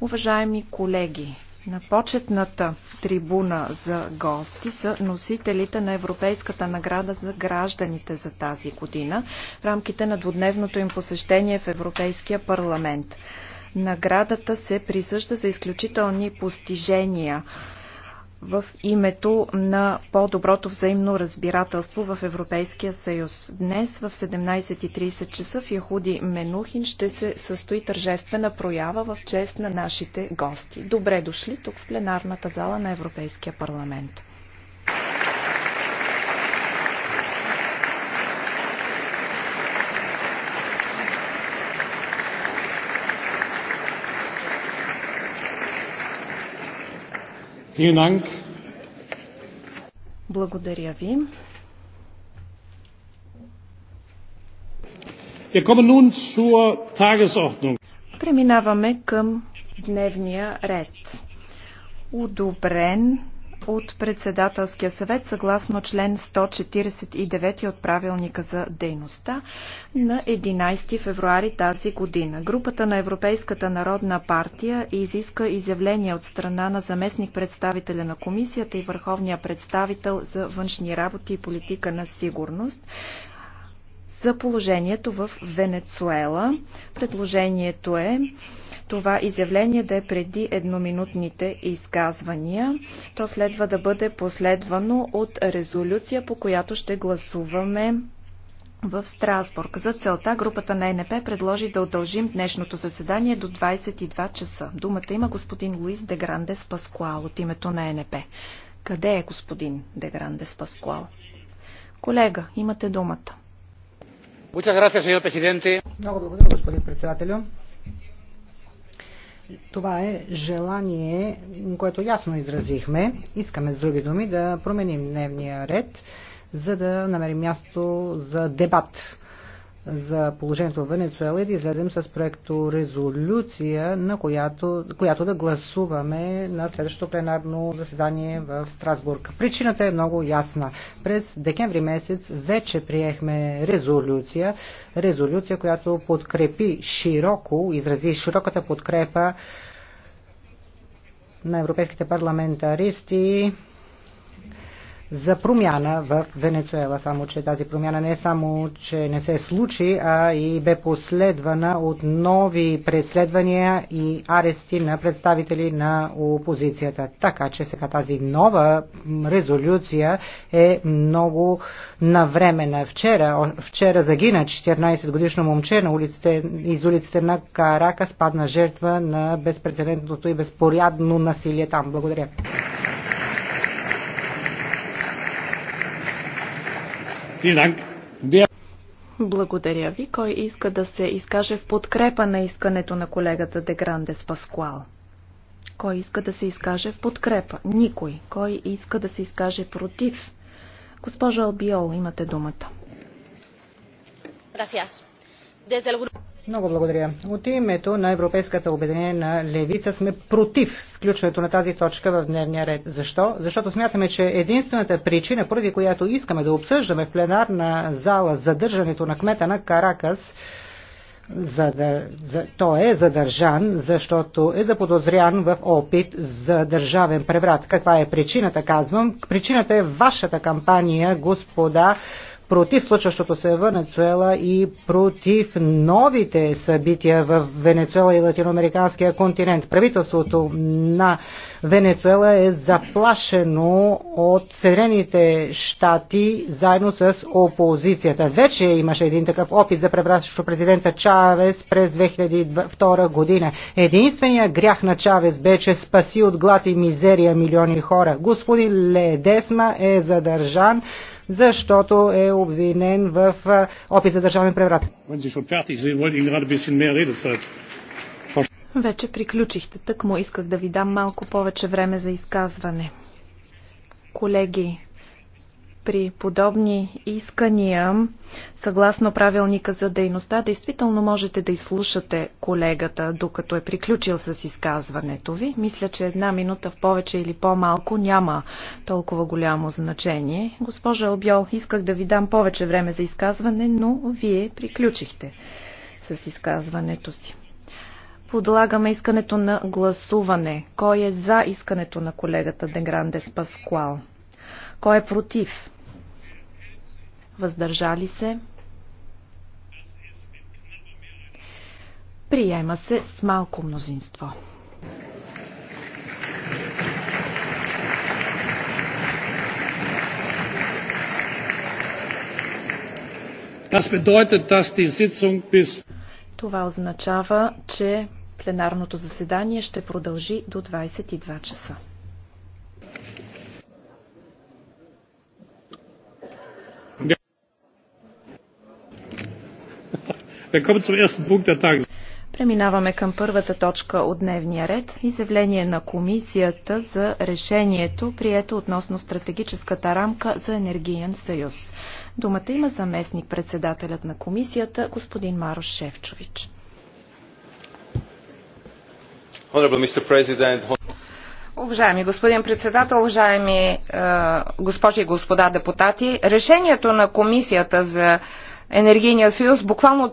Уважаеми колеги, на почетната трибуна за гости са носителите на Европейската награда за гражданите за тази година в рамките на двудневното им посещение в Европейския парламент. Наградата се присъжда за изключителни постижения в името на по-доброто взаимно разбирателство в Европейския съюз. Днес в 17.30 часа в Яхуди Менухин ще се състои тържествена проява в чест на нашите гости. Добре дошли тук в пленарната зала на Европейския парламент. Благодаря ви. Преминаваме към дневния ред. Удобрен от председателския съвет съгласно член 149 от правилника за дейността на 11 февруари тази година. Групата на Европейската народна партия изиска изявление от страна на заместник представителя на комисията и върховния представител за външни работи и политика на сигурност за положението в Венецуела. Предложението е това изявление да е преди едноминутните изказвания. То следва да бъде последвано от резолюция, по която ще гласуваме в Страсбург. За целта групата на е НП предложи да удължим днешното заседание до 22 часа. Думата има господин Луис Деграндес Паскуал от името на е НП. Къде е господин Деграндес Паскуал? Колега, имате думата. Много благодаря, господин председателю. Това е желание, което ясно изразихме. Искаме, с други думи, да променим дневния ред, за да намерим място за дебат за положението в Венецуела и да излезем с проекто резолюция, на която, която да гласуваме на следващото пленарно заседание в Страсбург. Причината е много ясна. През декември месец вече приехме резолюция, резолюция, която подкрепи широко, изрази широката подкрепа на европейските парламентаристи за промяна в Венецуела. Само, че тази промяна не е само, че не се случи, а и бе последвана от нови преследвания и арести на представители на опозицията. Така, че сега тази нова резолюция е много навремена. Вчера, вчера загина 14-годишно момче на улиците, из улиците на Карака, спадна жертва на безпредседентното и безпорядно насилие там. Благодаря. Благодаря ви. Кой иска да се изкаже в подкрепа на искането на колегата Деграндес Паскуал? Кой иска да се изкаже в подкрепа? Никой. Кой иска да се изкаже против? Госпожо Албиол, имате думата. Много благодаря. От името на Европейската обединена левица сме против включването на тази точка в дневния ред. Защо? Защото смятаме, че единствената причина, поради която искаме да обсъждаме в пленарна зала задържането на кмета на Каракас, задър... за... той е задържан, защото е заподозрян в опит за държавен преврат. Каква е причината, казвам? Причината е вашата кампания, господа против случващото се в Венецуела и против новите събития в Венецуела и латиноамериканския континент. Правителството на Венецуела е заплашено от Съединените щати заедно с опозицията. Вече имаше един такъв опит за превращащо президента Чавес през 2002 година. Единственият грях на Чавес бе, че спаси от глад и мизерия милиони хора. Господин Ледесма е задържан защото е обвинен в опит за държавен преврат. Вече приключихте, так му исках да ви дам малко повече време за изказване. Колеги, при подобни искания, съгласно правилника за дейността, действително можете да изслушате колегата, докато е приключил с изказването ви. Мисля, че една минута в повече или по-малко няма толкова голямо значение. Госпожа Обьол, исках да ви дам повече време за изказване, но вие приключихте с изказването си. Подлагаме искането на гласуване. Кой е за искането на колегата Деграндес Паскуал? Кой е против? въздържали се. Приема се с малко мнозинство. Das bedeutet, dass die Sitzung bis... Това означава, че пленарното заседание ще продължи до 22 часа. Преминаваме към първата точка от дневния ред – изявление на комисията за решението, прието относно стратегическата рамка за енергиен съюз. Думата има заместник председателят на комисията, господин Марош Шевчович. Уважаеми господин председател, уважаеми е, госпожи и господа депутати, решението на комисията за енергийния съюз буквално